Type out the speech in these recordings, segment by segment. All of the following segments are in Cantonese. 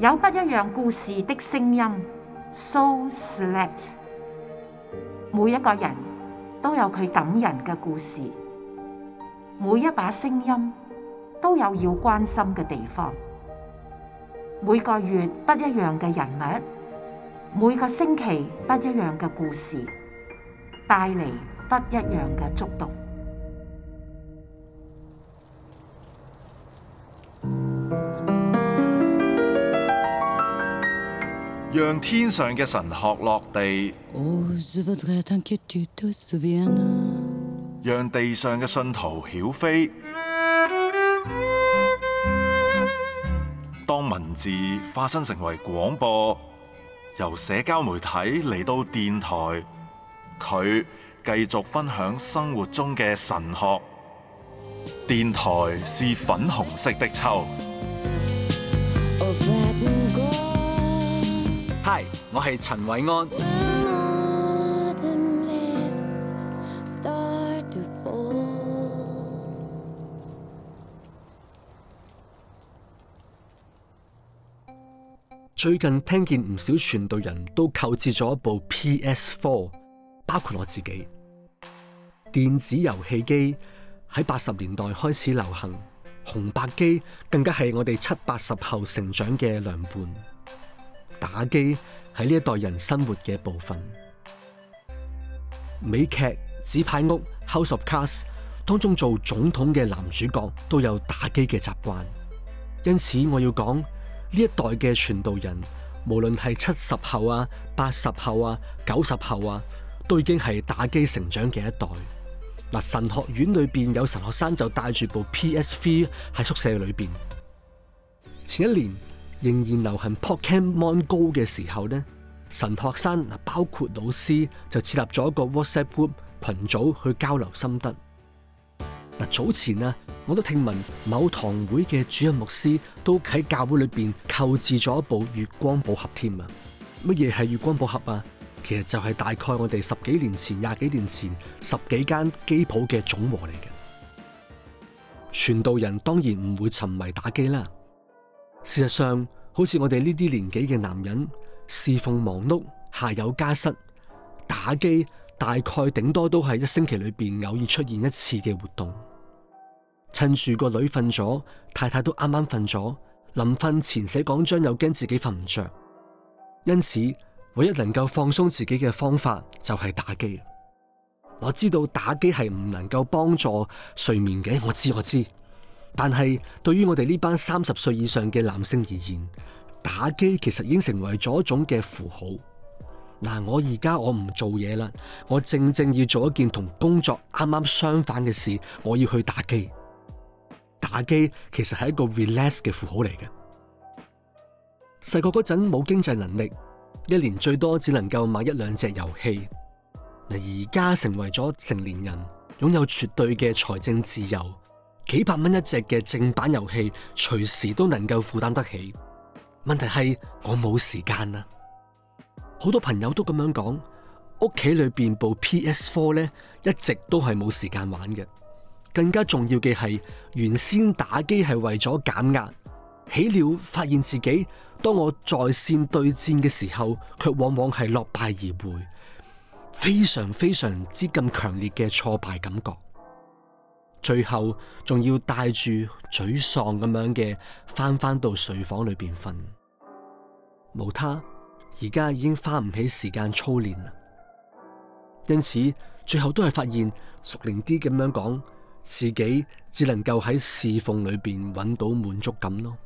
有不一樣故事的聲音，So select。每一個人都有佢感人嘅故事，每一把聲音都有要關心嘅地方。每個月不一樣嘅人物，每個星期不一樣嘅故事，帶嚟不一樣嘅觸動。讓天上嘅神學落地，讓地上嘅信徒曉飛。當文字化身成為廣播，由社交媒體嚟到電台，佢繼續分享生活中嘅神學。電台是粉紅色的秋。我係陳偉安。最近聽見唔少全隊人都購置咗一部 PS4，包括我自己。電子遊戲機喺八十年代開始流行，紅白機更加係我哋七八十後成長嘅良伴。打機係呢一代人生活嘅部分。美劇，美劇《紙牌屋》（House of Cards） 當中做總統嘅男主角都有打機嘅習慣，因此我要講呢一代嘅傳道人，無論係七十後啊、八十後啊、九十後啊，都已經係打機成長嘅一代。嗱，神學院裏邊有神學生就帶住部 PSV 喺宿舍裏邊，前一年。仍然流行《Pokemon Go》嘅時候咧，神學生包括老師就設立咗一個 WhatsApp Group 群組去交流心得。早前啊，我都聽聞某堂會嘅主任牧師都喺教會裏邊購置咗一部月光寶盒添啊。乜嘢係月光寶盒啊？其實就係大概我哋十幾年前，廿幾年前十幾間機鋪嘅總和嚟嘅。傳道人當然唔會沉迷打機啦。事實上，好似我哋呢啲年紀嘅男人，侍奉忙碌，下有家室，打機大概頂多都係一星期裏邊偶爾出現一次嘅活動。趁住個女瞓咗，太太都啱啱瞓咗，臨瞓前寫講章又驚自己瞓唔着，因此唯一能夠放鬆自己嘅方法就係打機。我知道打機係唔能夠幫助睡眠嘅，我知我知。但係，對於我哋呢班三十歲以上嘅男性而言，打機其實已經成為咗一種嘅符號。嗱，我而家我唔做嘢啦，我正正要做一件同工作啱啱相反嘅事，我要去打機。打機其實係一個 relax 嘅符號嚟嘅。細個嗰陣冇經濟能力，一年最多只能夠買一兩隻遊戲。而家成為咗成年人，擁有絕對嘅財政自由。幾百蚊一隻嘅正版遊戲，隨時都能夠負擔得起。問題係我冇時間啦。好多朋友都咁樣講，屋企裏邊部 PS4 咧，一直都係冇時間玩嘅。更加重要嘅係，原先打機係為咗減壓，豈料發現自己當我在綫對戰嘅時候，卻往往係落敗而回，非常非常之咁強烈嘅挫敗感覺。最後仲要帶住沮喪噉樣嘅，返返到睡房裏面瞓，無他，而家已經花唔起時間操練了。因此最後都是發現，熟練啲咁樣講，自己只能夠喺侍奉裏面揾到滿足感咯。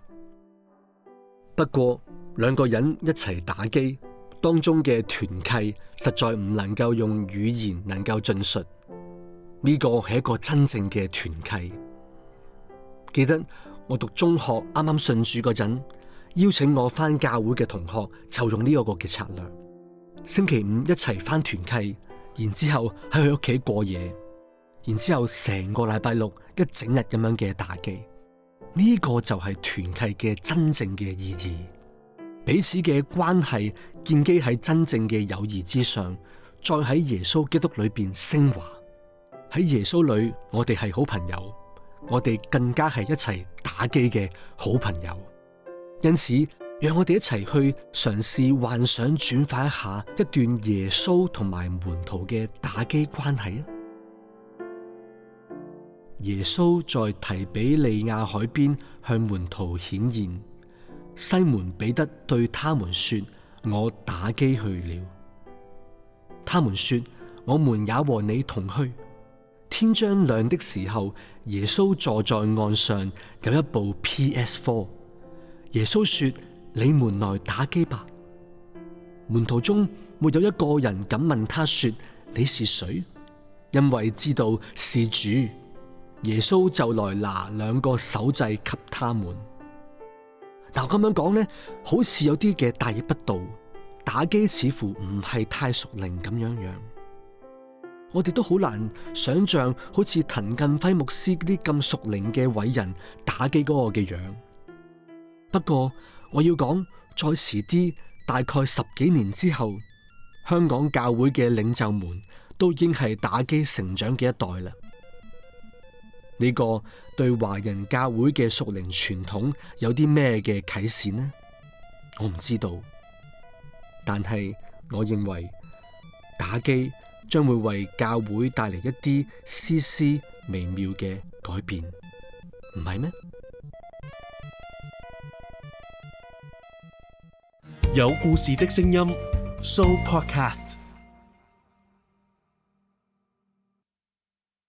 不過兩個人一齊打機當中嘅團契，實在唔能夠用語言能夠盡述。呢個係一個真正嘅團契。記得我讀中學啱啱信主嗰陣，邀請我翻教會嘅同學，就用呢個嘅策略，星期五一齊翻團契，然之後喺佢屋企過夜，然之後成個禮拜六一整日咁樣嘅打機。呢個就係團契嘅真正嘅意義，彼此嘅關係建基喺真正嘅友誼之上，再喺耶穌基督裏邊升華。喺耶穌裏，我哋係好朋友，我哋更加係一齊打機嘅好朋友。因此，讓我哋一齊去嘗試幻想轉翻一下一段耶穌同埋門徒嘅打機關係。耶穌在提比利亞海邊向門徒顯現，西門彼得對他們說：我打機去了。他們說：我們也和你同去。天將亮的時候，耶穌坐在岸上，有一部 PS4。耶穌說：你們來打機吧。門徒中沒有一個人敢問他說，你是誰，因為知道是主。耶穌就來拿兩個手掣給他們。但我咁樣講呢，好似有啲嘅大逆不道，打機似乎唔係太熟練咁樣樣。我哋都好難想象，好似滕近輝牧師啲咁屬靈嘅偉人打機嗰個嘅樣。不過我要講，再遲啲，大概十幾年之後，香港教會嘅領袖們都已經係打機成長嘅一代啦。呢個對華人教會嘅屬靈傳統有啲咩嘅啟示呢？我唔知道，但係我認為打機。將會為教會帶嚟一啲絲絲微妙嘅改變，唔係咩？有故事嘅聲音 Show Podcast。